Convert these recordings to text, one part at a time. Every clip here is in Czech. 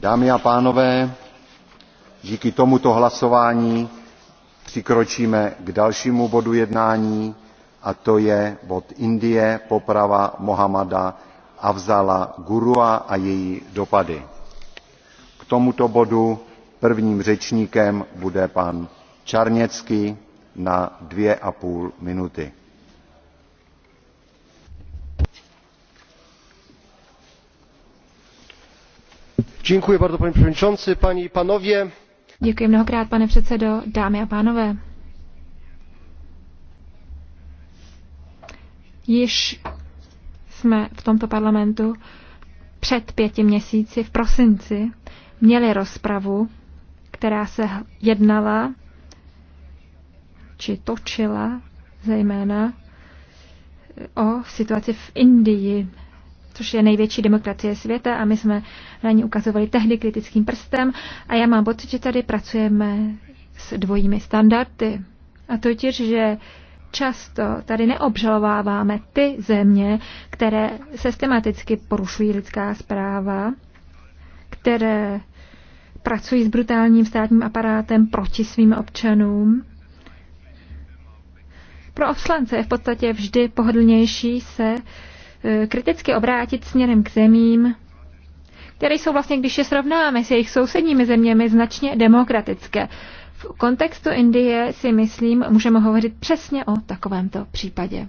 dámy a pánové díky tomuto hlasování přikročíme k dalšímu bodu jednání a to je bod indie poprava mohammada afzala guruua a její dopady. k tomuto bodu prvním řečníkem bude pan czarnecki na dvě a půl minuty. Děkuji pane předsedající, paní i panově. Děkuji mnohokrát, pane předsedo, dámy a pánové. Již jsme v tomto parlamentu před pěti měsíci, v prosinci, měli rozpravu, která se jednala či točila zejména o situaci v Indii což je největší demokracie světa a my jsme na ní ukazovali tehdy kritickým prstem a já mám pocit, že tady pracujeme s dvojími standardy. A totiž, že často tady neobžalováváme ty země, které systematicky porušují lidská zpráva, které pracují s brutálním státním aparátem proti svým občanům. Pro obslance je v podstatě vždy pohodlnější se uh, Eh, kriticky obrátit směrem k zemím, které jsou vlastně, když je srovnáme s jejich sousedními zeměmi, značně demokratické. V kontextu Indie si myslím, můžeme hovořit přesně o takovémto případě.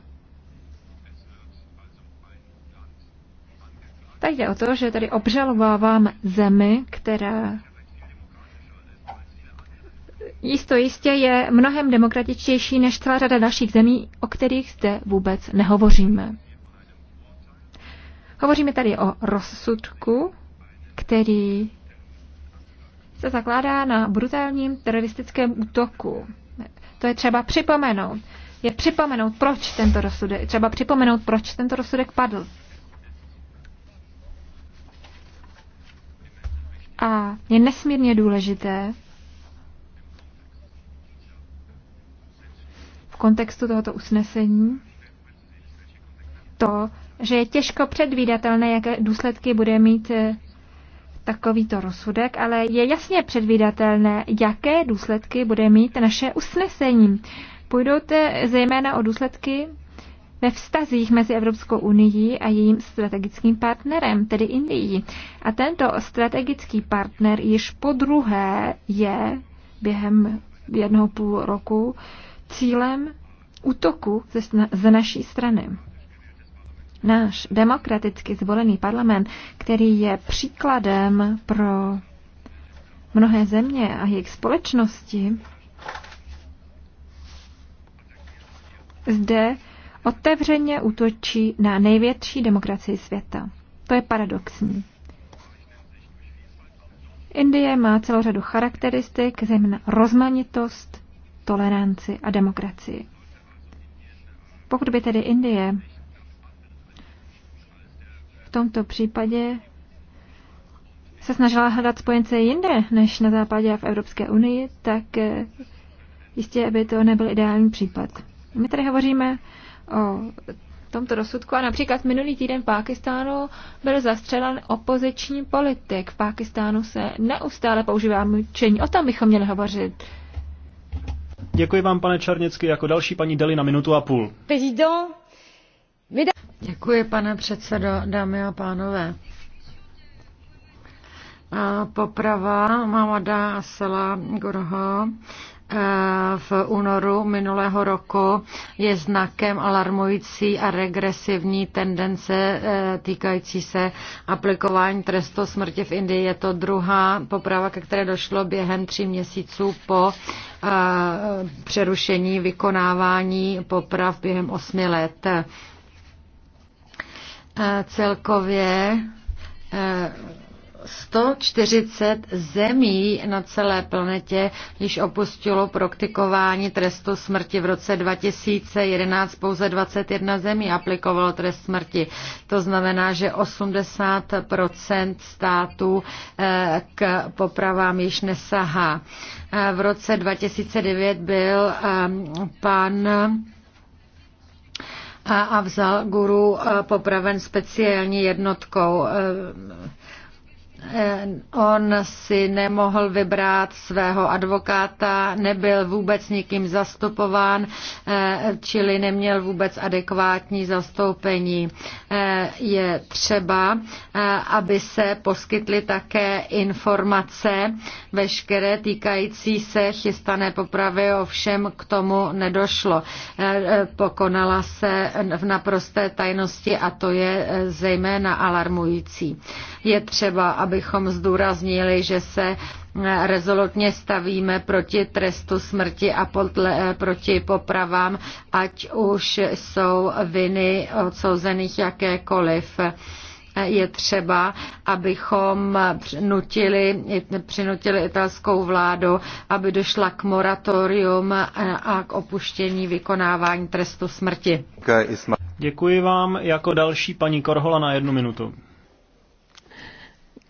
Tak jde o to, že tady obžalovávám zemi, která jisto jistě je mnohem demokratičtější než celá řada dalších zemí, o kterých zde vůbec nehovoříme. Hovoříme tady o rozsudku, který se zakládá na brutálním teroristickém útoku. To je třeba připomenout. Je připomenout, proč tento rozsudek, třeba připomenout, proč tento rozsudek padl. A je nesmírně důležité v kontextu tohoto usnesení to, že je těžko předvídatelné, jaké důsledky bude mít eh, takovýto rozsudek, ale je jasně předvídatelné, jaké důsledky bude mít naše usnesení. Půjdou zejména o důsledky ve vztazích mezi Evropskou unii a jejím strategickým partnerem, tedy Indií. A tento strategický partner již po druhé je během jednoho půl roku cílem útoku ze, ze naší strany náš demokraticky zvolený parlament, který je příkladem pro mnohé země a jejich společnosti, zde otevřeně útočí na největší demokracii světa. To je paradoxní. Indie má celou řadu charakteristik, zejména rozmanitost, toleranci a demokracii. Pokud by tedy Indie v tomto případě se snažila hledat spojence jinde než na západě a v Evropské unii, tak eh, jistě by to nebyl ideální případ. My tady hovoříme o tomto rozsudku a například minulý týden v Pákistánu byl zastřelen opoziční politik. V Pákistánu se neustále používá mučení. O tom bychom měli hovořit. Děkuji vám, pane Černický, jako další paní Deli na minutu a půl. Prezident, Děkuji, pane předsedo, dámy a pánové. Poprava Mamada Asela Gorho eh, v únoru minulého roku je znakem alarmující a regresivní tendence eh, týkající se aplikování trestu smrti v Indii. Je to druhá poprava, ke které došlo během tří měsíců po eh, přerušení vykonávání poprav během osmi let. Celkově 140 eh, zemí na celé planetě již opustilo praktikování trestu smrti. V roce 2011 pouze 21 zemí aplikovalo trest smrti. To znamená, že 80 států eh, k popravám již nesahá. Eh, v roce 2009 byl pan a vzal guru eh, popraven speciální jednotkou eh, Eh, on si nemohl vybrat svého advokáta, nebyl vůbec nikým zastupován, eh, čili neměl vůbec adekvátní zastoupení. Eh, je třeba, aby se poskytly také informace veškeré týkající se chystané popravy, ovšem k tomu nedošlo. Pokonala se v naprosté tajnosti a to je zejména alarmující. Je třeba, abychom zdůraznili, že se eh, rezolutně stavíme proti trestu smrti a podle, eh, proti popravám, ať už jsou viny odsouzených jakékoliv eh, je třeba, abychom nutili, přinutili italskou vládu, aby došla k moratorium a k opuštění vykonávání trestu smrti. Děkuji vám. Jako další paní Korhola na jednu minutu.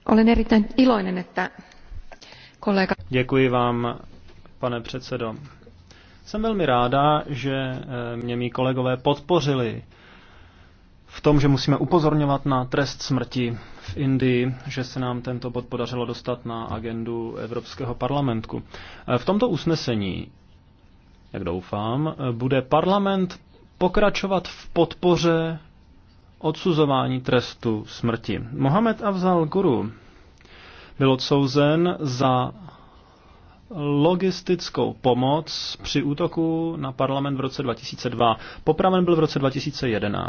Olen erittäin iloinen, että Děkuji vám, pane předsedo. Jsem velmi ráda, že eh, mě mý kolegové podpořili v tom, že musíme upozorňovat na trest smrti v Indii, že se nám tento bod podařilo dostat na agendu Evropského parlamentu. Eh, v tomto usnesení, jak doufám, eh, bude parlament pokračovat v podpoře odsuzování trestu smrti. Mohamed Avzal Guru byl odsouzen za logistickou pomoc při útoku na parlament v roce 2002. Popraven byl v roce 2011.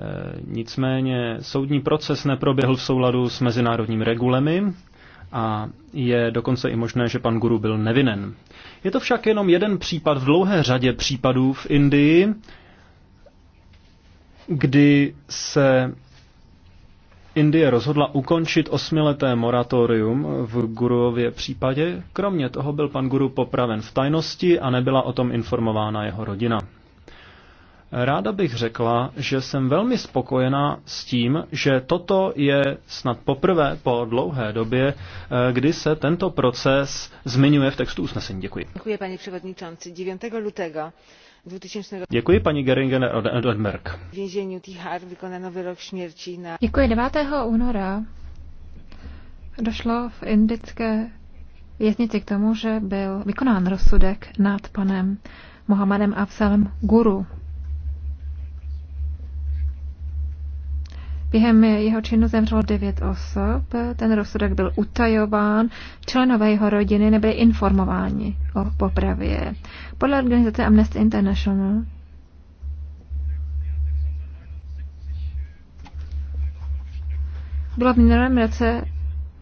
Eh, nicméně soudní proces neproběhl v souladu s mezinárodními regulemi a je dokonce i možné, že pan Guru byl nevinen. Je to však jenom jeden případ v dlouhé řadě případů v Indii, kdy se Indie rozhodla ukončit osmileté moratorium v Guruově případě. Kromě toho byl pan Guru popraven v tajnosti a nebyla o tom informována jeho rodina. Ráda bych řekla, že jsem velmi spokojená s tím, že toto je snad poprvé po dlouhé době, eh, kdy se tento proces zmiňuje v textu usnesení. Děkuji. Děkuji, paní předsedající. 9. lutega Děkuji paní Geringen Odenberg. Vězení Tihar vykonán rok smrti na... Děkuji. 9. února došlo v indické věznici k tomu, že byl vykonán rozsudek nad panem Mohamedem Afsalem Guru. Během jeho činu zemřelo devět osob, ten rozsudek byl utajován, členové jeho rodiny nebyli informováni o popravě. Podle organizace Amnesty International bylo v minulém roce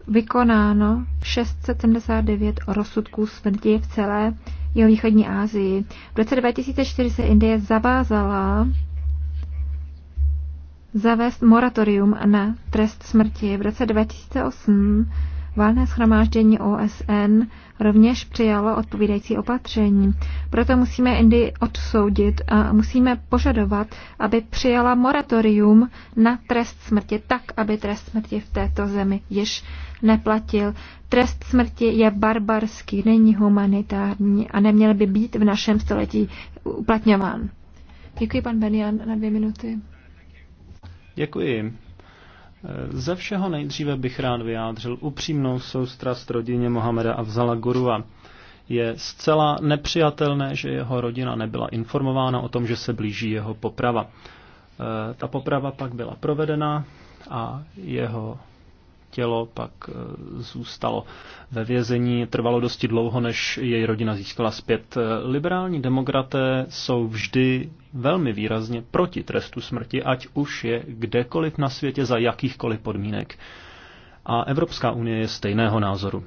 vykonáno 679 rozsudků smrti v celé jeho východní Asii. V roce 2004 se Indie zavázala zavést moratorium na trest smrti. V roce 2008 Válné schromáždění OSN rovněž přijalo odpovídající opatření. Proto musíme Indii odsoudit a musíme požadovat, aby přijala moratorium na trest smrti, tak, aby trest smrti v této zemi již neplatil. Trest smrti je barbarský, není humanitární a neměl by být v našem století uplatňován. Děkuji, pan Benian, na dvě minuty. Děkuji. Eh, ze všeho nejdříve bych rád vyjádřil upřímnou soustrast rodině Mohameda a vzala Gurua. Je zcela nepřijatelné, že jeho rodina nebyla informována o tom, že se blíží jeho poprava. Eh, ta poprava pak byla provedena a jeho tělo pak eh, zůstalo ve vězení. Trvalo dosti dlouho, než její rodina získala zpět. Eh, liberální demokraté jsou vždy velmi výrazně proti trestu smrti, ať už je kdekoliv na světě za jakýchkoliv podmínek. A Evropská unie je stejného názoru.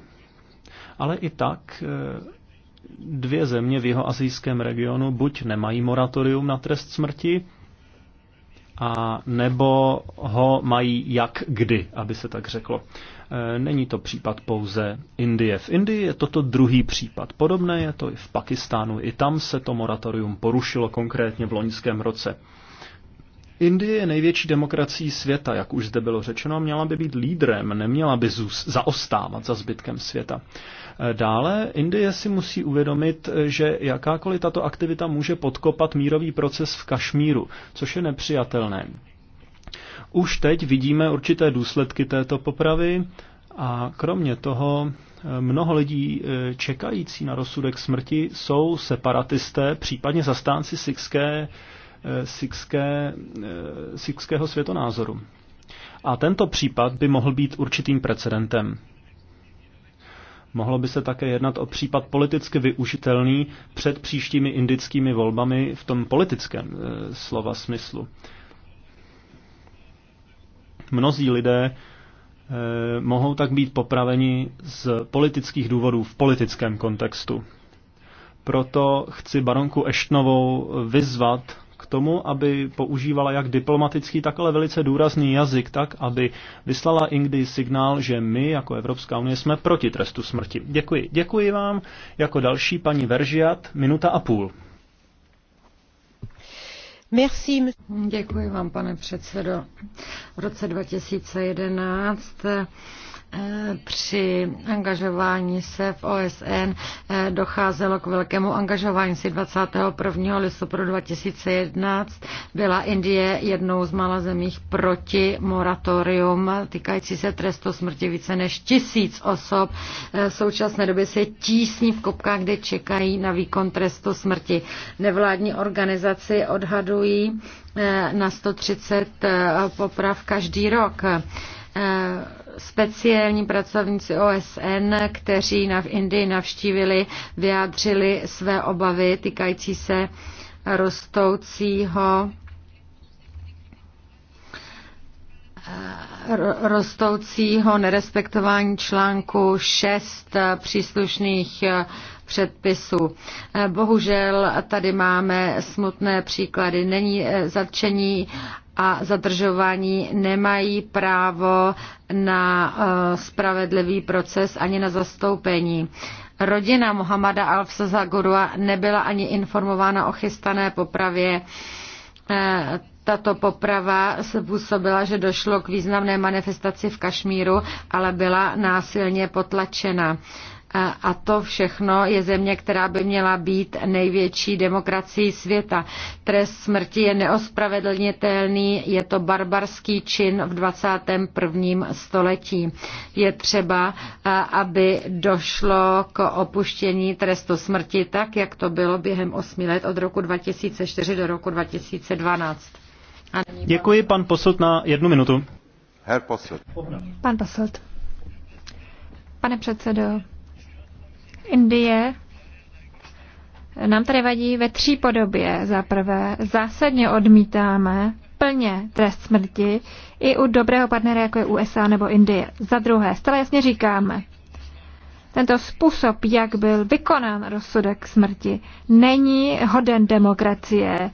Ale i tak eh, dvě země v jeho asijském regionu buď nemají moratorium na trest smrti, a nebo ho mají jak kdy, aby se tak řeklo. E, není to případ pouze Indie. V Indii je toto druhý případ. Podobné je to i v Pakistánu. I tam se to moratorium porušilo konkrétně v loňském roce. Indie je největší demokracií světa, jak už zde bylo řečeno, měla by být lídrem, neměla by zaostávat za zbytkem světa. Eh, dále Indie si musí uvědomit, eh, že jakákoliv tato aktivita může podkopat mírový proces v Kašmíru, což je nepřijatelné. Už teď vidíme určité důsledky této popravy a kromě toho eh, mnoho lidí čekající na rozsudek smrti jsou separatisté, případně zastánci sikské Eh, sikské, eh, sikského světonázoru. A tento případ by mohl být určitým precedentem. Mohlo by se také jednat o případ politicky využitelný před příštími indickými volbami v tom politickém e, slova smyslu. Mnozí lidé e, mohou tak být popraveni z politických důvodů v politickém kontextu. Proto chci baronku Eštnovou vyzvat k tomu, aby používala jak diplomatický, tak ale velice důrazný jazyk, tak aby vyslala Indy signál, že my jako Evropská unie jsme proti trestu smrti. Děkuji. Děkuji vám. Jako další paní Veržiat, minuta a půl. Merci. Děkuji vám, pane předsedo. V roce 2011 při angažování se v OSN eh, docházelo k velkému angažování si 21. listopadu 2011. Byla Indie jednou z mála zemích proti moratorium týkající se trestu smrti více než tisíc osob. Eh, v současné době se tísní v kopkách, kde čekají na výkon trestu smrti. Nevládní organizaci odhadují eh, na 130 poprav každý rok speciální pracovníci OSN, kteří v Indii navštívili, vyjádřili své obavy týkající se rostoucího eh, rostoucího nerespektování článku 6 příslušných eh, předpisů. Eh, bohužel tady máme smutné příklady. Není zatčení a zadržování nemají právo na eh, spravedlivý proces ani na zastoupení. Rodina Mohamada Alfsaza Gurua nebyla ani informována o chystané popravě. Eh, tato poprava způsobila, že došlo k významné manifestaci v Kašmíru, ale byla násilně potlačena. A to všechno je země, která by měla být největší demokracií světa. Trest smrti je neospravedlnitelný, je to barbarský čin v 21. století. Je třeba, aby došlo k opuštění trestu smrti tak, jak to bylo během 8 let od roku 2004 do roku 2012. Děkuji, pan Posud, na jednu minutu. Herr Posud. Pan Posud. Pane předsedo, Indie nám tady vadí ve tří podobě. Za prvé, zásadně odmítáme plně trest smrti i u dobrého partnera, jako je USA nebo Indie. Za druhé, stále jasně říkáme, tento způsob, jak byl vykonán rozsudek smrti, není hoden demokracie.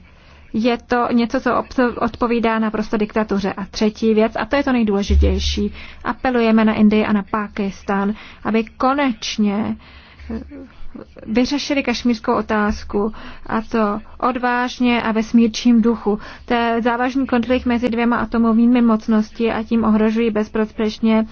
Je to něco, co odpovídá naprosto diktatuře. A třetí věc, a to je to nejdůležitější, apelujeme na Indii a na Pákistán, aby konečně uh, vyřešili kašmírskou otázku a to odvážně a ve smírčím duchu. To je závažný konflikt mezi dvěma atomovými mocnosti a tím ohrožují bezprostředně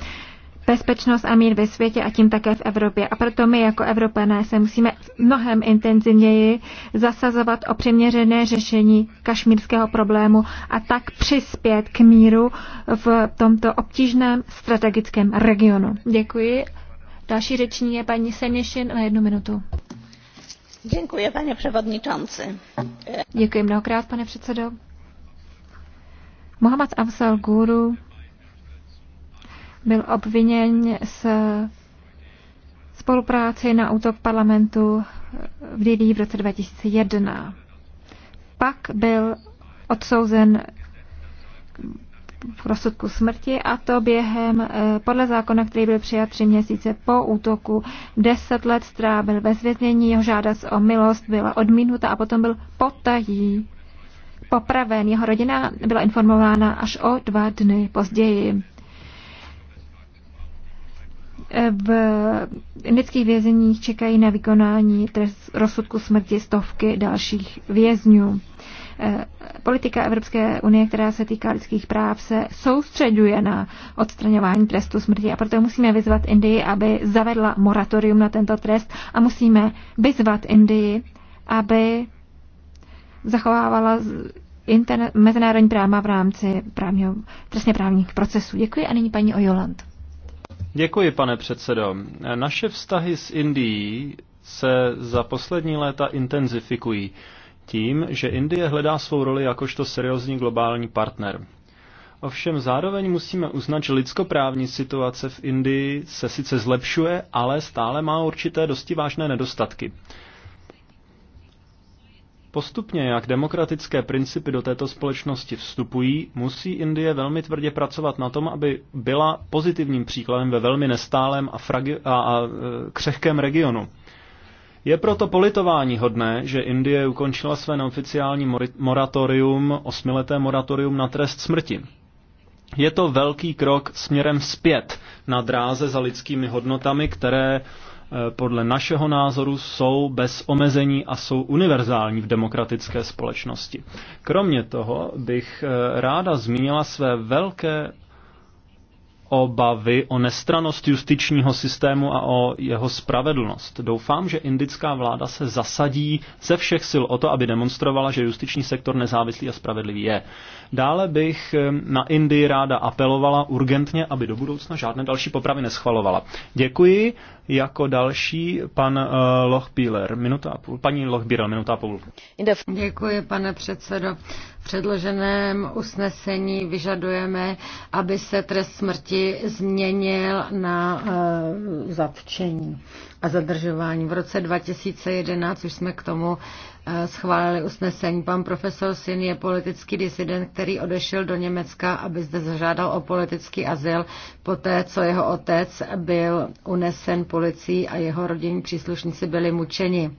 bezpečnost a mír ve světě a tím také v Evropě. A proto my jako Evropané se musíme mnohem intenzivněji zasazovat o přiměřené řešení kašmírského problému a tak přispět k míru v tomto obtížném strategickém regionu. Děkuji. Další řeční je paní Seněšin na jednu minutu. Děkuji, pane převodničanci. Děkuji mnohokrát, pane předsedo. Mohamed Afzal Guru byl obviněn s spolupráci na útok parlamentu v Lidii v roce 2001. Pak byl odsouzen v rozsudku smrti a to během, eh, podle zákona, který byl přijat tři měsíce po útoku. Deset let strávil ve zvěznění, jeho žádost o milost byla odmínuta a potom byl potají popraven. Jeho rodina byla informována až o dva dny později. V indických vězeních čekají na vykonání rozsudku smrti stovky dalších vězňů. Eh, politika Evropské unie, která se týká lidských práv, se soustředuje na odstraňování trestu smrti a proto musíme vyzvat Indii, aby zavedla moratorium na tento trest a musíme vyzvat Indii, aby zachovávala mezinárodní práva v rámci právního, trestně právních procesů. Děkuji a nyní paní Ojoland. Děkuji, pane předsedo. Naše vztahy s Indií se za poslední léta intenzifikují tím, že Indie hledá svou roli jakožto seriózní globální partner. Ovšem zároveň musíme uznat, že lidskoprávní situace v Indii se sice zlepšuje, ale stále má určité dosti vážné nedostatky. Postupně, jak demokratické principy do této společnosti vstupují, musí Indie velmi tvrdě pracovat na tom, aby byla pozitivním příkladem ve velmi nestálém a, fragi- a, a e, křehkém regionu. Je proto politování hodné, že Indie ukončila své neoficiální moratorium, osmileté moratorium na trest smrti. Je to velký krok směrem zpět na dráze za lidskými hodnotami, které eh, podle našeho názoru jsou bez omezení a jsou univerzální v demokratické společnosti. Kromě toho bych eh, ráda zmínila své velké obavy o nestranost justičního systému a o jeho spravedlnost. Doufám, že indická vláda se zasadí ze všech sil o to, aby demonstrovala, že justiční sektor nezávislý a spravedlivý je. Dále bych eh, na Indii ráda apelovala urgentně, aby do budoucna žádné další popravy neschvalovala. Děkuji. Jako další pan eh, Lochbíler, minuta a půl. Paní Lochbíler, minuta a půl. Děkuji, pane předsedo. V předloženém usnesení vyžadujeme, aby se trest smrti změnil na uh, zatčení a zadržování. V roce 2011 už jsme k tomu schválili usnesení. Pan profesor Syn je politický disident, který odešel do Německa, aby zde zažádal o politický azyl, poté co jeho otec byl unesen policií a jeho rodinní příslušníci byli mučeni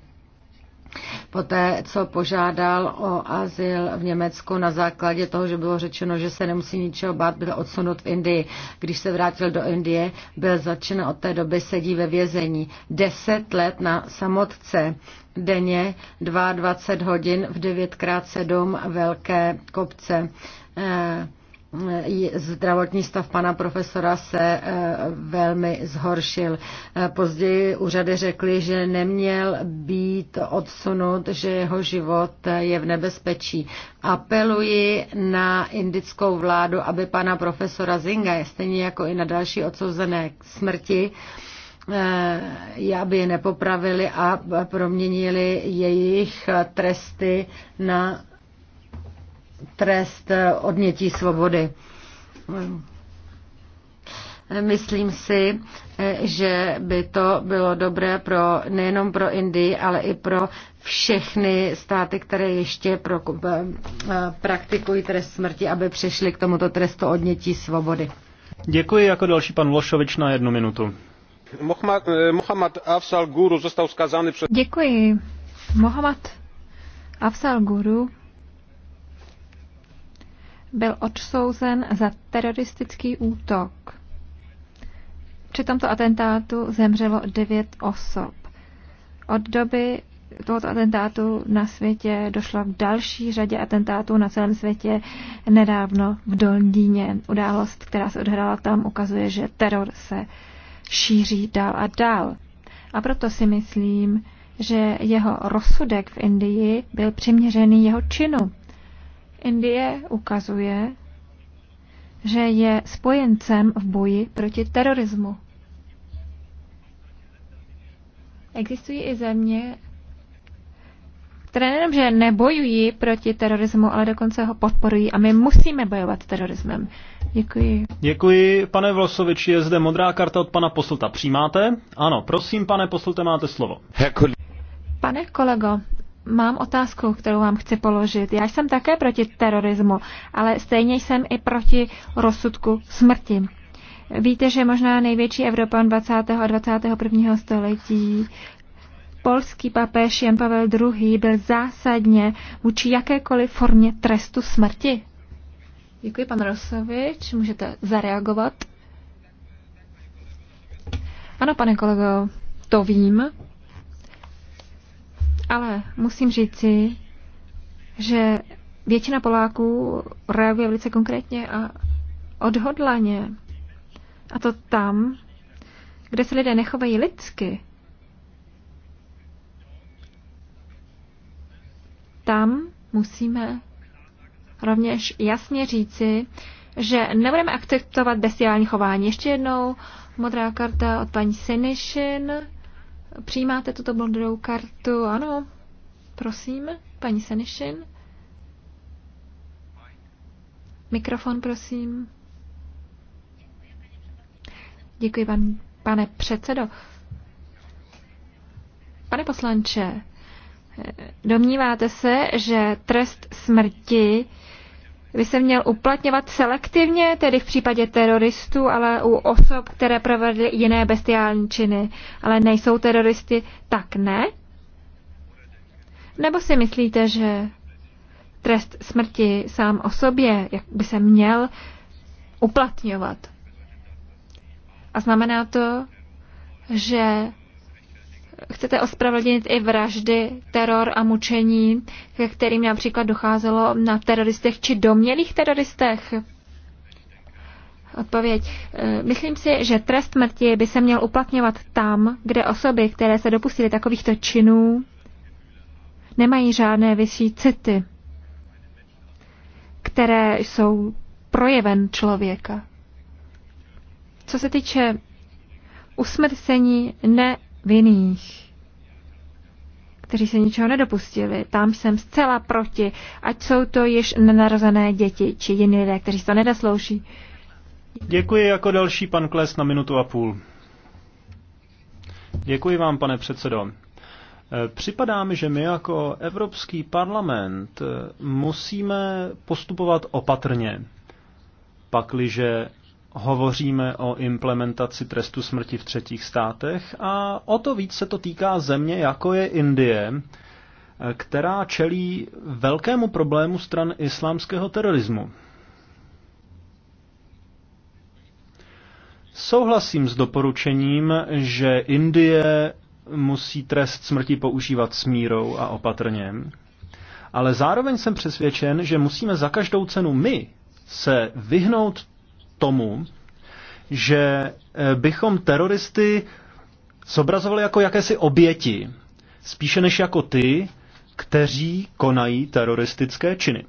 poté co požádal o azyl v Německu na základě toho, že bylo řečeno, že se nemusí ničeho bát, byl odsunut v Indii. Když se vrátil do Indie, byl začen od té doby sedí ve vězení. Deset let na samotce denně 22 hodin v 9x7 velké kopce. Eh, zdravotní stav pana profesora se e, velmi zhoršil. E, později úřady řekly, že neměl být odsunut, že jeho život je v nebezpečí. Apeluji na indickou vládu, aby pana profesora Zinga, stejně jako i na další odsouzené k smrti, e, aby je nepopravili a proměnili jejich tresty na trest eh, odnětí svobody. Myslím si, eh, že by to bylo dobré pro nejenom pro Indii, ale i pro všechny státy, které ještě pro, eh, praktikují trest smrti, aby přešli k tomuto trestu odnětí svobody. Děkuji jako další pan Lošovič na jednu minutu. Mohamed Afsal Guru zůstal skazany před... Děkuji. Mohamed Afsal Guru byl odsouzen za teroristický útok. Při tomto atentátu zemřelo devět osob. Od doby tohoto atentátu na světě došlo k další řadě atentátů na celém světě nedávno v Dolndíně. Událost, která se odhrála tam, ukazuje, že teror se šíří dál a dál. A proto si myslím, že jeho rozsudek v Indii byl přiměřený jeho činu. Indie ukazuje, že je spojencem v boji proti terorismu. Existují i země, které nejenom, že nebojují proti terorismu, ale dokonce ho podporují a my musíme bojovat s terorismem. Děkuji. Děkuji, pane Vlosoviči. Je zde modrá karta od pana poslta. Přijímáte? Ano, prosím, pane poslte, máte slovo. Jako- pane kolego, mám otázku, kterou vám chci položit. Já jsem také proti terorismu, ale stejně jsem i proti rozsudku smrti. Víte, že možná největší Evropan 20. a 21. století polský papež Jan Pavel II. byl zásadně vůči jakékoliv formě trestu smrti. Děkuji, pan Rosovič. Můžete zareagovat? Ano, pane kolego, to vím. Ale musím říci, že většina Poláků reaguje velice konkrétně a odhodlaně. A to tam, kde se lidé nechovají lidsky. Tam musíme rovněž jasně říci, že nebudeme akceptovat bestiální chování. Ještě jednou modrá karta od paní Sinišin. Přijímáte tuto modrou kartu? Ano. Prosím, paní Senišin. Mikrofon, prosím. Děkuji, pan, pane předsedo. Pane poslanče, eh, domníváte se, že trest smrti by se měl uplatňovat selektivně, tedy v případě teroristů, ale u osob, které provedly jiné bestiální činy, ale nejsou teroristy, tak ne? Nebo si myslíte, že trest smrti sám o sobě, jak by se měl uplatňovat? A znamená to, že chcete ospravedlnit i vraždy, teror a mučení, ke kterým například docházelo na teroristech či domělých teroristech? Odpověď. Eh, myslím si, že trest smrti by se měl uplatňovat tam, kde osoby, které se dopustily takovýchto činů, nemají žádné vyšší city, které jsou projeven člověka. Co se týče usmrcení ne vinných, kteří se ničeho nedopustili. Tam jsem zcela proti, ať jsou to již nenarozené děti či jiní lidé, kteří to nedaslouší. Děkuji jako další pan Kles na minutu a půl. Děkuji vám, pane předsedo. Eh, připadá mi, že my jako Evropský parlament eh, musíme postupovat opatrně, pakliže hovoříme o implementaci trestu smrti v třetích státech a o to víc se to týká země, jako je Indie, která čelí velkému problému stran islámského terorismu. Souhlasím s doporučením, že Indie musí trest smrti používat s mírou a opatrně, ale zároveň jsem přesvědčen, že musíme za každou cenu my se vyhnout tomu, že eh, bychom teroristy zobrazovali jako jakési oběti, spíše než jako ty, kteří konají teroristické činy.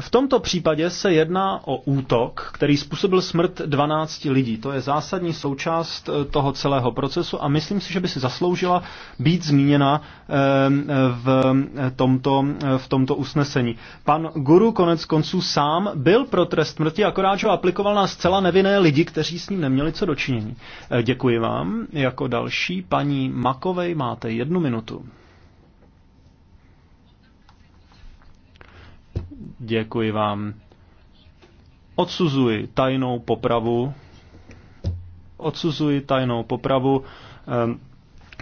V tomto případě se jedná o útok, který způsobil smrt 12 lidí. To je zásadní součást eh, toho celého procesu a myslím si, že by si zasloužila být zmíněna ehm, v eh, tomto, eh, v tomto usnesení. Pan Guru konec konců sám byl pro trest smrti, akorát, že ho aplikoval na zcela nevinné lidi, kteří s ním neměli co dočinění. Děkuji vám. Jako další paní Makovej máte jednu minutu. Děkuji vám. Odsuzuji tajnou popravu. Odsuzuji tajnou popravu ehm,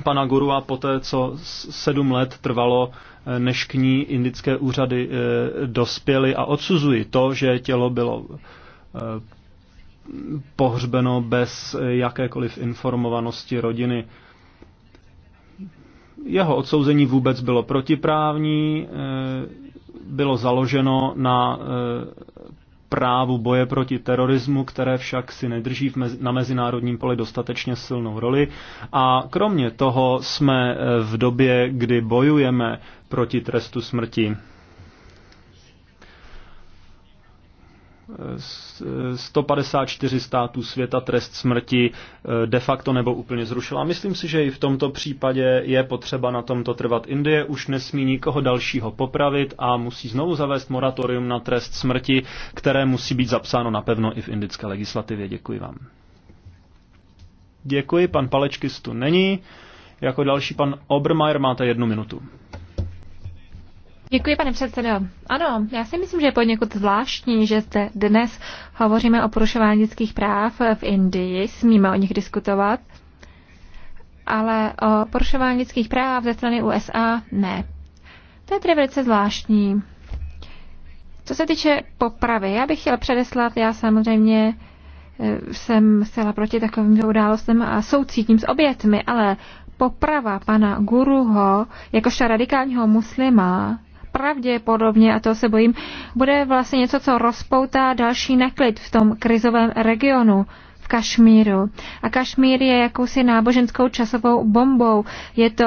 pana Guru a poté, co sedm let trvalo, eh, než k ní indické úřady eh, dospěly a odsuzuji to, že tělo bylo eh, pohřbeno bez jakékoliv informovanosti rodiny. Jeho odsouzení vůbec bylo protiprávní, bylo založeno na eh, právu boje proti terorismu, které však si nedrží na mezinárodním poli dostatečně silnou roli. A kromě toho jsme eh, v době, kdy bojujeme proti trestu smrti 154 států světa trest smrti eh, de facto nebo úplně zrušila. Myslím si, že i v tomto případě je potřeba na tomto trvat. Indie už nesmí nikoho dalšího popravit a musí znovu zavést moratorium na trest smrti, které musí být zapsáno napevno i v indické legislativě. Děkuji vám. Děkuji, pan Palečkistu není. Jako další pan Obermeier máte jednu minutu. Děkuji, pane předsedo. Ano, já si myslím, že je poněkud zvláštní, že zde dnes hovoříme o porušování lidských práv v Indii, smíme o nich diskutovat, ale o porušování lidských práv ze strany USA ne. To je tedy velice zvláštní. Co se týče popravy, já bych chtěla předeslat, já samozřejmě eh, jsem zcela proti takovým událostem a soucítím s obětmi, ale poprava pana Guruho jakožto radikálního muslima pravděpodobně, a to se bojím, bude vlastně něco, co rozpoutá další neklid v tom krizovém regionu v Kašmíru. A Kašmír je jakousi náboženskou časovou bombou. Je to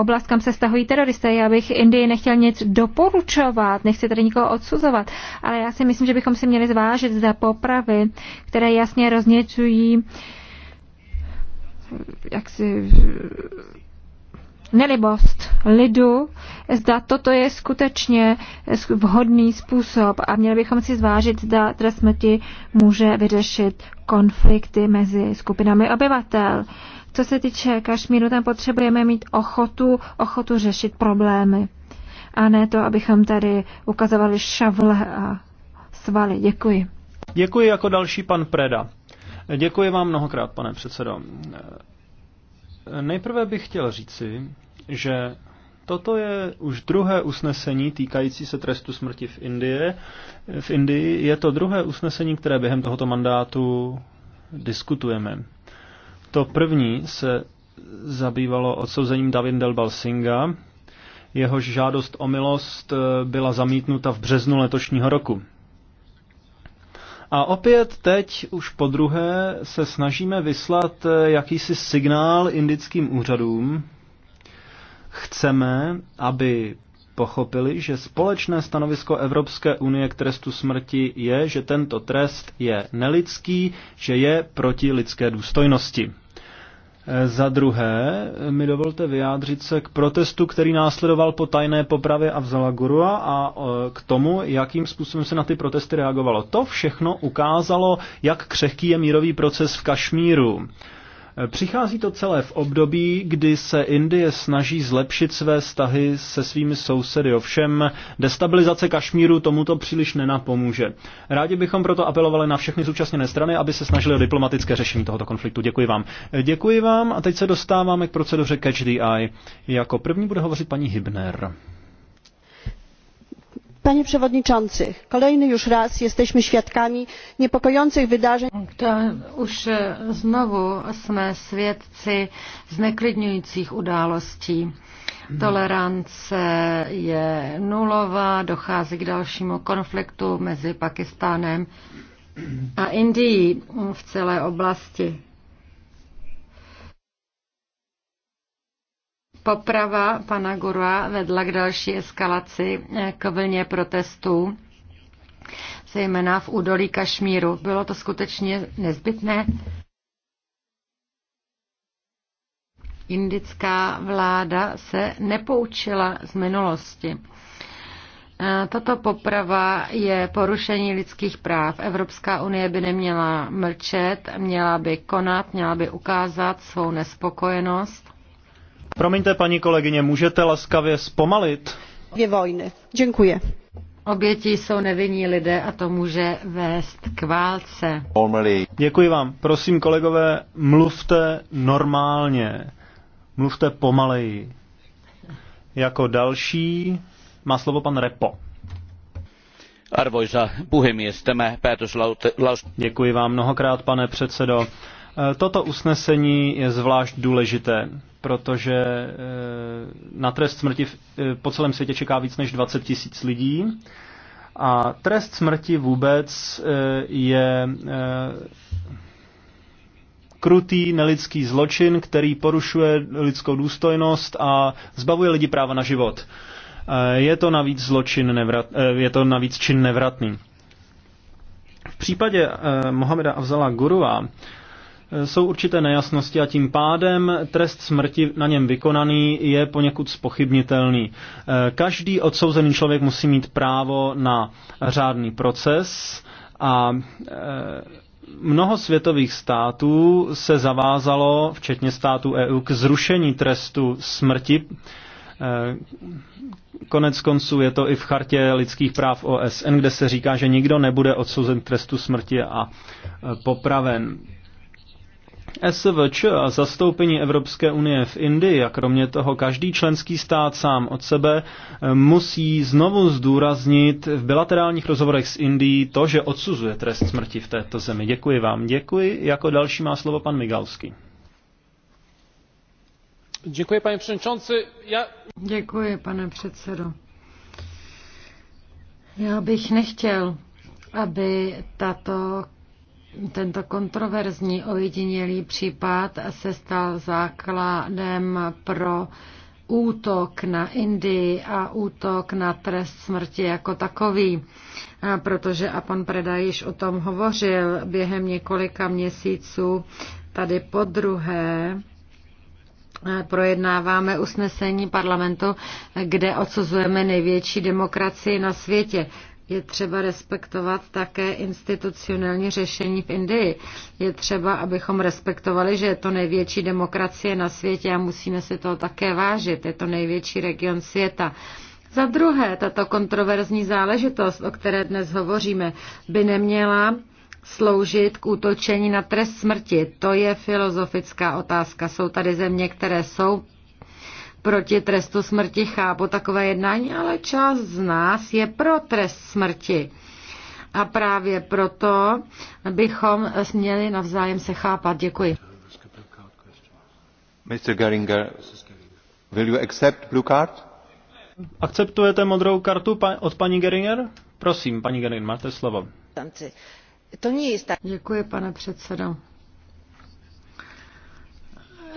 oblast, kam se stahují teroristé. Já bych Indii nechtěl nic doporučovat, nechci tady nikoho odsuzovat, ale já si myslím, že bychom si měli zvážit za popravy, které jasně rozněcují jak si nelibost lidu, zda toto je skutečně vhodný způsob a měli bychom si zvážit, zda trest smrti může vyřešit konflikty mezi skupinami obyvatel. Co se týče Kašmíru, tam potřebujeme mít ochotu, ochotu řešit problémy. A ne to, abychom tady ukazovali šavle a svaly. Děkuji. Děkuji jako další pan Preda. Děkuji vám mnohokrát, pane předsedo. Nejprve bych chtěl říci, že toto je už druhé usnesení týkající se trestu smrti v Indii. V Indii je to druhé usnesení, které během tohoto mandátu diskutujeme. To první se zabývalo odsouzením Davin Balsinga, Jehož žádost o milost byla zamítnuta v březnu letošního roku. A opět teď už po druhé se snažíme vyslat eh, jakýsi signál indickým úřadům. Chceme, aby pochopili, že společné stanovisko Evropské unie k trestu smrti je, že tento trest je nelidský, že je proti lidské důstojnosti. Eh, za druhé eh, mi dovolte vyjádřit se k protestu, který následoval po tajné popravě Avzala Gurua a eh, k tomu, jakým způsobem se na ty protesty reagovalo. To všechno ukázalo, jak křehký je mírový proces v Kašmíru. Přichází to celé v období, kdy se Indie snaží zlepšit své vztahy se svými sousedy. Ovšem, destabilizace Kašmíru tomuto příliš nenapomůže. Rádi bychom proto apelovali na všechny zúčastněné strany, aby se snažili o diplomatické řešení tohoto konfliktu. Děkuji vám. Děkuji vám a teď se dostáváme k proceduře Catch the Eye. Jako první bude hovořit paní Hibner panie przewodniczący! kolejny już raz jesteśmy świadkami niepokojących wydarzeń. znowu e, znovu jsme svědci zneklidňujících událostí. Tolerance je nulová, dochází k dalšímu konfliktu mezi Pakistánem a Indií v celé oblasti Poprava pana Gurua vedla k další eskalaci eh, k vlně protestů, zejména v údolí Kašmíru. Bylo to skutečně nezbytné? Indická vláda se nepoučila z minulosti. Eh, tato poprava je porušení lidských práv. Evropská unie by neměla mlčet, měla by konat, měla by ukázat svou nespokojenost Promiňte, paní kolegyně, můžete laskavě zpomalit? Je vojny. Děkuji. Oběti jsou nevinní lidé a to může vést k válce. Děkuji vám. Prosím, kolegové, mluvte normálně. Mluvte pomaleji. Jako další má slovo pan Repo. Arvoisa puhemies, tämä päätöslaus... Děkuji vám mnohokrát, pane předsedo. E, toto usnesení je zvlášť důležité protože eh, na trest smrti eh, po celém světě čeká víc než 20 tisíc lidí. A trest smrti vůbec eh, je krutý nelidský zločin, který porušuje lidskou důstojnost a zbavuje lidi práva na život. Je to navíc zločin nevrat, je to navíc čin nevratný. V případě Mohameda Avzala Gurua Eh, jsou určité nejasnosti a tím pádem trest smrti na něm vykonaný je poněkud spochybnitelný. Eh, každý odsouzený člověk musí mít právo na řádný proces a eh, mnoho světových států se zavázalo, včetně států EU, k zrušení trestu smrti. Konec konců je to i v chartě lidských práv OSN, kde se říká, že nikdo nebude odsouzen k trestu smrti a popraven. SVČ a zastoupení Evropské unie v Indii a kromě toho každý členský stát sám od sebe eh, musí znovu zdůraznit v bilaterálních rozhovorech s Indií to, že odsuzuje trest smrti v této zemi. Děkuji vám. Děkuji. Jako další má slovo pan Migalský. Děkuji, pane předsedající. Já... Děkuji, pane předsedo. Já bych nechtěl, aby tato tento kontroverzní ojedinělý případ se stal základem pro útok na Indii a útok na trest smrti jako takový, protože a pan Preda již o tom hovořil během několika měsíců tady po druhé eh, projednáváme usnesení parlamentu, kde odsuzujeme největší demokracii na světě je třeba respektovat také institucionální řešení v Indii. Je třeba, abychom respektovali, že je to největší demokracie na světě a musíme si toho také vážit. Je to největší region světa. Za druhé, tato kontroverzní záležitost, o které dnes hovoříme, by neměla sloužit k útočení na trest smrti. To je filozofická otázka. Jsou tady země, které jsou proti trestu smrti, chápu takové jednání, ale část z nás je pro trest smrti. A právě proto bychom měli navzájem se chápat. Děkuji. Mr. Geringer, will you accept blue card? Akceptujete modrou kartu od paní Geringer? Prosím, paní Geringer, máte slovo. Děkuji, pane předsedo.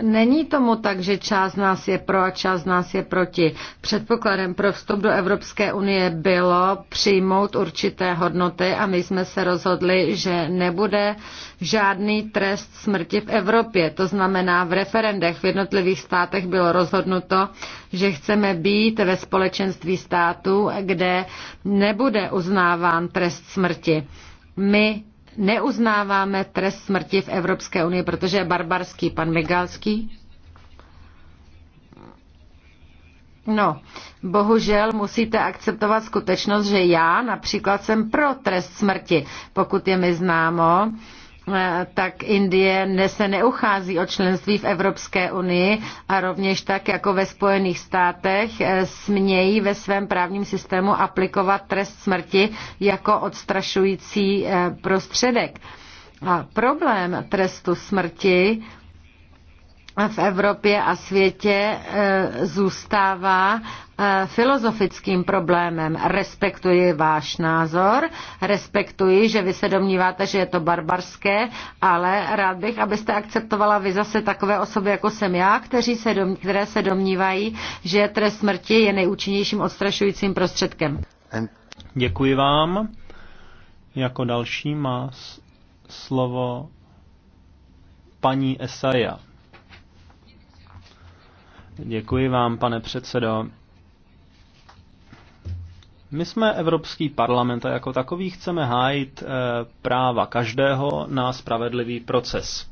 Není tomu tak, že část nás je pro a část nás je proti. Předpokladem pro vstup do Evropské unie bylo přijmout určité hodnoty a my jsme se rozhodli, že nebude žádný trest smrti v Evropě. To znamená, v referendech v jednotlivých státech bylo rozhodnuto, že chceme být ve společenství států, kde nebude uznáván trest smrti. My Neuznáváme trest smrti v Evropské unii, protože je barbarský. Pan Migalský? No, bohužel musíte akceptovat skutečnost, že já například jsem pro trest smrti, pokud je mi známo Eh, tak Indie se neuchází o členství v Evropské unii a rovněž tak jako ve Spojených státech eh, smějí ve svém právním systému aplikovat trest smrti jako odstrašující eh, prostředek. A problém trestu smrti v Evropě a světě e, zůstává e, filozofickým problémem. Respektuji váš názor, respektuji, že vy se domníváte, že je to barbarské, ale rád bych, abyste akceptovala vy zase takové osoby, jako jsem já, kteří se dom, které se domnívají, že trest smrti je nejúčinnějším odstrašujícím prostředkem. Děkuji vám. Jako další má slovo paní Esaja. Děkuji vám, pane předsedo. My jsme Evropský parlament a jako takový chceme hájit eh, práva každého na spravedlivý proces.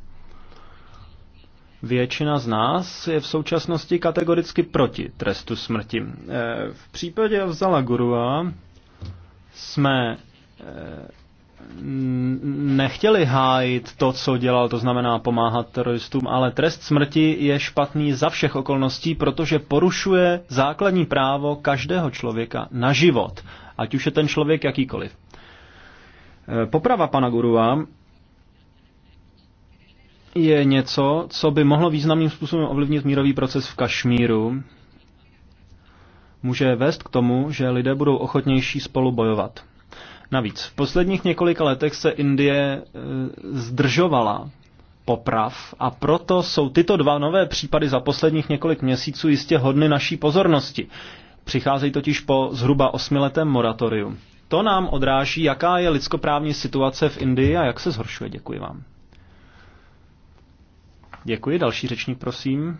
Většina z nás je v současnosti kategoricky proti trestu smrti. Eh, v případě Vzala Gurua jsme eh, nechtěli hájit to, co dělal, to znamená pomáhat teroristům, ale trest smrti je špatný za všech okolností, protože porušuje základní právo každého člověka na život, ať už je ten člověk jakýkoliv. E, poprava pana Gurua je něco, co by mohlo významným způsobem ovlivnit mírový proces v Kašmíru. Může vést k tomu, že lidé budou ochotnější spolu bojovat. Navíc v posledních několika letech se Indie e, zdržovala poprav a proto jsou tyto dva nové případy za posledních několik měsíců jistě hodny naší pozornosti. Přicházejí totiž po zhruba osmiletém moratoriu. To nám odráží, jaká je lidskoprávní situace v Indii a jak se zhoršuje. Děkuji vám. Děkuji. Další řečník, prosím.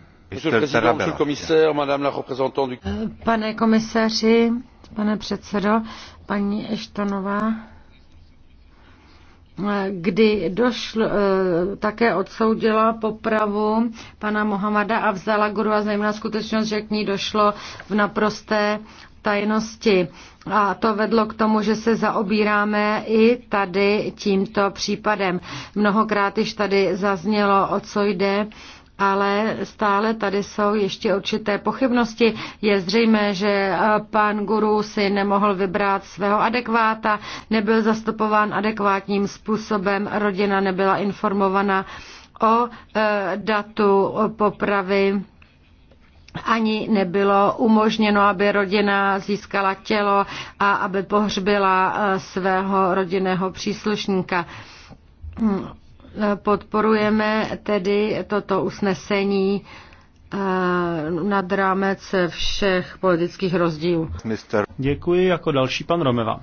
Pane komisaři, Pane předsedo, paní Eštonová, kdy došlo, eh, také odsoudila popravu pana Mohamada a vzala guru a zejména skutečnost, že k ní došlo v naprosté tajnosti. A to vedlo k tomu, že se zaobíráme i tady tímto případem. Mnohokrát již tady zaznělo, o co jde ale stále tady jsou ještě určité pochybnosti. Je zřejmé, že pan guru si nemohl vybrat svého adekváta, nebyl zastupován adekvátním způsobem, rodina nebyla informovaná o e, datu popravy ani nebylo umožněno, aby rodina získala tělo a aby pohřbila e, svého rodinného příslušníka. Podporujeme tedy toto usnesení eh, nad rámec všech politických rozdílů. Děkuji jako další pan Romeva.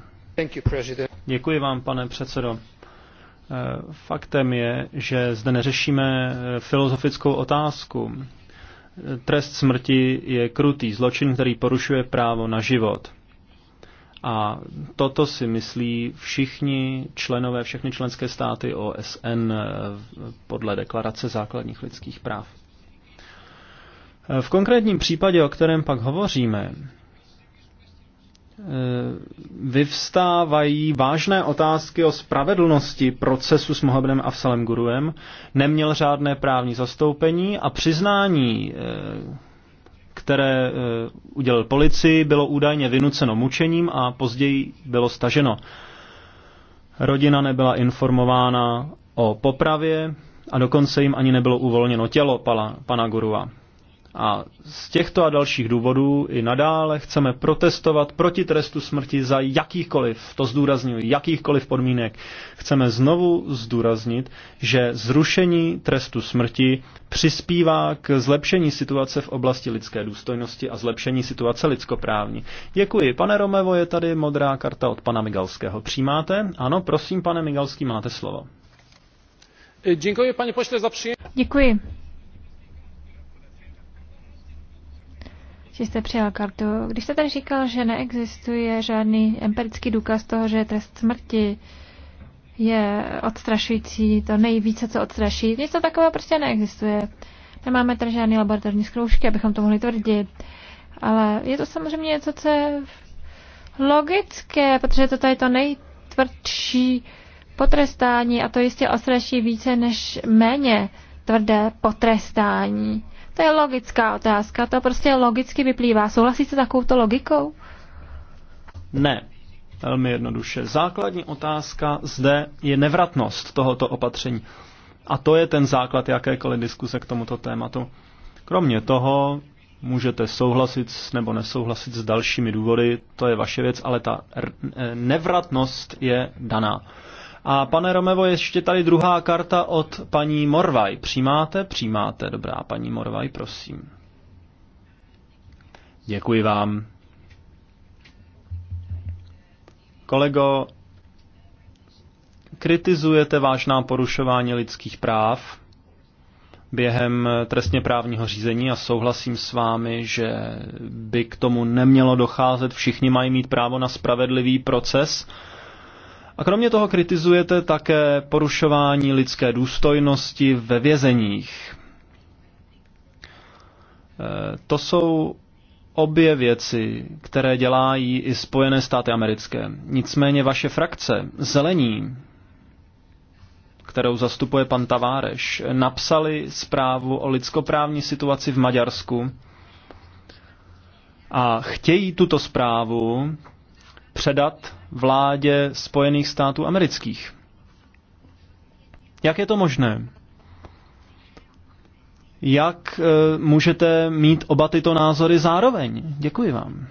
Děkuji vám, pane předsedo. Eh, faktem je, že zde neřešíme eh, filozofickou otázku. Trest smrti je krutý zločin, který porušuje právo na život. A toto si myslí všichni členové, všechny členské státy OSN eh, podle deklarace základních lidských práv. Eh, v konkrétním případě, o kterém pak hovoříme, eh, vyvstávají vážné otázky o spravedlnosti procesu s Mohamedem Afsalem Guruem. Neměl žádné právní zastoupení a přiznání které eh, udělal policii, bylo údajně vynuceno mučením a později bylo staženo. Rodina nebyla informována o popravě a dokonce jim ani nebylo uvolněno tělo pana, pana Gurua. A z těchto a dalších důvodů i nadále chceme protestovat proti trestu smrti za jakýchkoliv, to zdůraznuju, jakýchkoliv podmínek. Chceme znovu zdůraznit, že zrušení trestu smrti přispívá k zlepšení situace v oblasti lidské důstojnosti a zlepšení situace lidskoprávní. Děkuji. Pane Romevo, je tady modrá karta od pana Migalského. Přijímáte? Ano, prosím, pane Migalský, máte slovo. Děkuji, pane pošle, za přijetí. Děkuji. že jste přijal kartu. Když jste tady říkal, že neexistuje žádný empirický důkaz toho, že trest smrti je odstrašující, to nejvíce, co odstraší, nic to takového prostě neexistuje. Nemáme tady žádné laboratorní zkoušky, abychom to mohli tvrdit. Ale je to samozřejmě něco, co je logické, protože to je to nejtvrdší potrestání a to jistě ostraší více než méně tvrdé potrestání. To je logická otázka, to prostě logicky vyplývá. Souhlasíte s takovouto logikou? Ne, velmi jednoduše. Základní otázka zde je nevratnost tohoto opatření. A to je ten základ jakékoliv diskuse k tomuto tématu. Kromě toho můžete souhlasit nebo nesouhlasit s dalšími důvody, to je vaše věc, ale ta eh, nevratnost je daná. A pane Romevo, ještě tady druhá karta od paní Morvaj. Přijímáte? Přijímáte. Dobrá, paní Morvaj, prosím. Děkuji vám. Kolego, kritizujete vážná porušování lidských práv během trestně právního řízení a souhlasím s vámi, že by k tomu nemělo docházet. Všichni mají mít právo na spravedlivý proces a kromě toho kritizujete také porušování lidské důstojnosti ve vězeních. Eh, to jsou obě věci, které dělají i Spojené státy americké. Nicméně vaše frakce, Zelení, kterou zastupuje pan Taváreš, napsali zprávu o lidskoprávní situaci v Maďarsku a chtějí tuto zprávu předat vládě Spojených států amerických. Jak je to možné? Jak e, můžete mít oba tyto názory zároveň? Děkuji vám.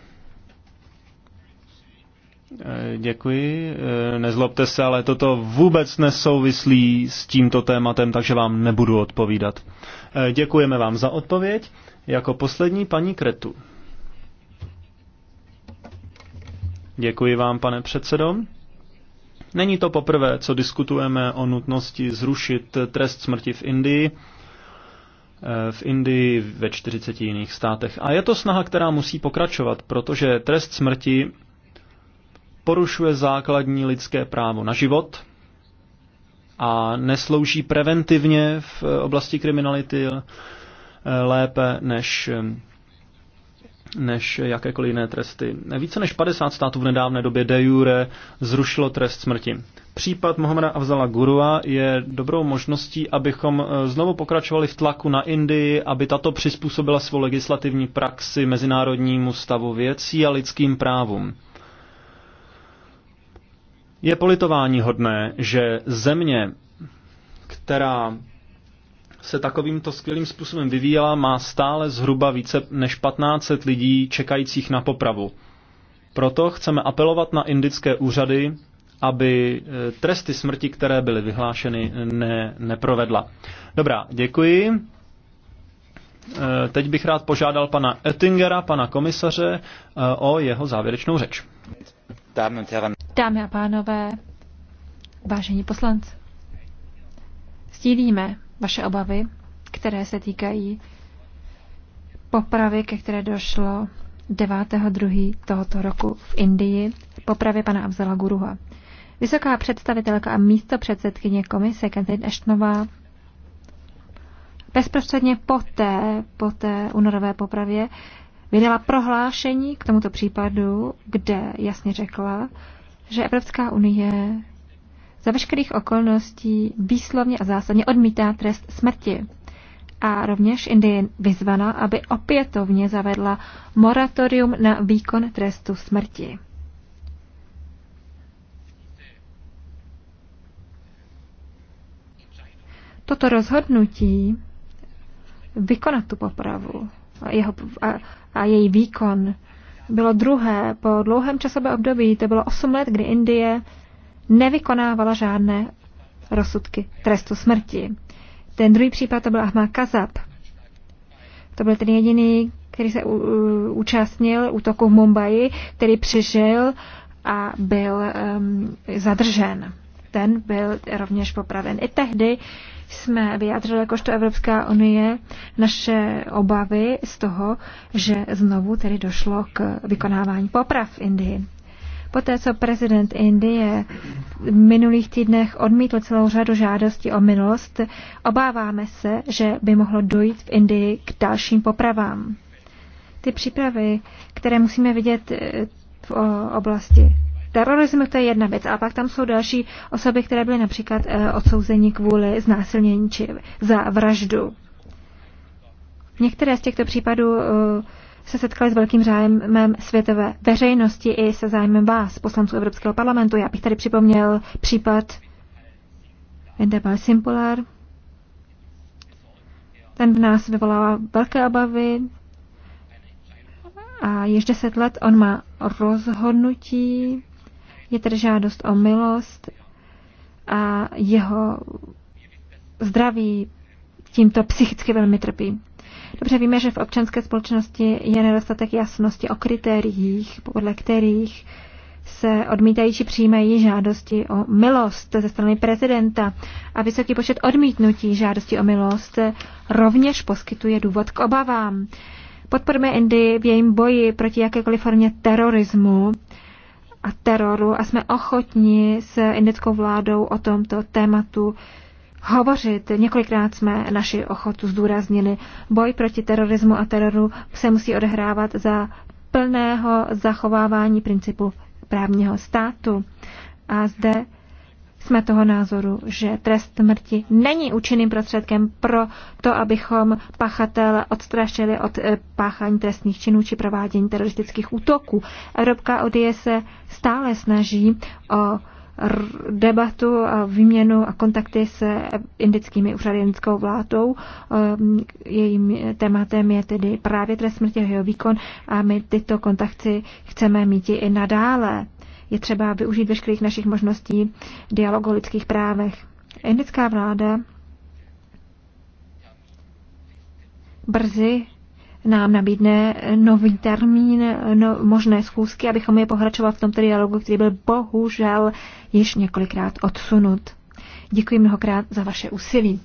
E, děkuji. E, nezlobte se, ale toto vůbec nesouvislí s tímto tématem, takže vám nebudu odpovídat. E, děkujeme vám za odpověď. Jako poslední paní Kretu. Děkuji vám, pane předsedo. Není to poprvé, co diskutujeme o nutnosti zrušit trest smrti v Indii, eh, v Indii ve 40 jiných státech. A je to snaha, která musí pokračovat, protože trest smrti porušuje základní lidské právo na život a neslouží preventivně v oblasti kriminality eh, lépe než eh, než jakékoliv jiné tresty. Více než 50 států v nedávné době de jure zrušilo trest smrti. Případ Mohameda Avzala Gurua je dobrou možností, abychom eh, znovu pokračovali v tlaku na Indii, aby tato přizpůsobila svou legislativní praxi mezinárodnímu stavu věcí a lidským právům. Je politování hodné, že země, která se takovýmto skvělým způsobem vyvíjela, má stále zhruba více než 1500 lidí čekajících na popravu. Proto chceme apelovat na indické úřady, aby e, tresty smrti, které byly vyhlášeny, ne, neprovedla. Dobrá, děkuji. E, teď bych rád požádal pana Ettingera, pana komisaře, e, o jeho závěrečnou řeč. Dámy a pánové, vážení poslanci, sdílíme vaše obavy, které se týkají popravy, ke které došlo 9.2. tohoto roku v Indii, popravě pana Abzala Guruha. Vysoká představitelka a místo předsedkyně komise Catherine Ashtonová bezprostředně po té, po té únorové popravě vydala prohlášení k tomuto případu, kde jasně řekla, že Evropská unie za veškerých okolností výslovně a zásadně odmítá trest smrti. A rovněž Indie vyzvaná, aby opětovně zavedla moratorium na výkon trestu smrti. Toto rozhodnutí vykonat tu popravu a, jeho, a, a její výkon bylo druhé po dlouhém časové období, to bylo 8 let, kdy Indie nevykonávala žádné rozsudky trestu smrti. Ten druhý případ to byl Ahmad Kazab. To byl ten jediný, který se účastnil útoku v Mumbai, který přežil a byl um, zadržen. Ten byl rovněž popraven. I tehdy jsme vyjádřili jakožto Evropská unie naše obavy z toho, že znovu tedy došlo k vykonávání poprav v Indii. Poté, co prezident Indie v minulých týdnech odmítl celou řadu žádostí o minulost, obáváme se, že by mohlo dojít v Indii k dalším popravám. Ty přípravy, které musíme vidět eh, v oblasti terorismu, to je jedna věc, a pak tam jsou další osoby, které byly například eh, odsouzeni kvůli znásilnění či za vraždu. Některé z těchto případů eh, se setkali s velkým zájmem světové veřejnosti i se zájmem vás, poslanců Evropského parlamentu. Já bych tady připomněl případ Vendebal Simpolar. Ten v nás vyvolává velké obavy a již deset let on má rozhodnutí, je tedy žádost o milost a jeho zdraví tímto psychicky velmi trpí. Dobře víme, že v občanské společnosti je nedostatek jasnosti o kritériích, podle kterých se odmítají či přijímají žádosti o milost ze strany prezidenta a vysoký počet odmítnutí žádosti o milost rovněž poskytuje důvod k obavám. Podporme Indii v jejím boji proti jakékoliv formě terorismu a teroru a jsme ochotni s indickou vládou o tomto tématu hovořit. Několikrát jsme naši ochotu zdůraznili. Boj proti terorismu a teroru se musí odehrávat za plného zachovávání principu právního státu. A zde jsme toho názoru, že trest smrti není účinným prostředkem pro to, abychom pachatel odstrašili od eh, páchání trestných činů či provádění teroristických útoků. Evropská odie se stále snaží o debatu a výměnu a kontakty s indickými úřady, indickou vládou. Ehm, jejím tématem je tedy právě trest smrti a jeho výkon a my tyto kontakty chceme mít i nadále. Je třeba využít veškerých našich možností dialogu o lidských právech. Indická vláda brzy nám nabídne nový termín, no, možné schůzky, abychom je pohračovali v tom dialogu, který byl bohužel již několikrát odsunut. Děkuji mnohokrát za vaše úsilí.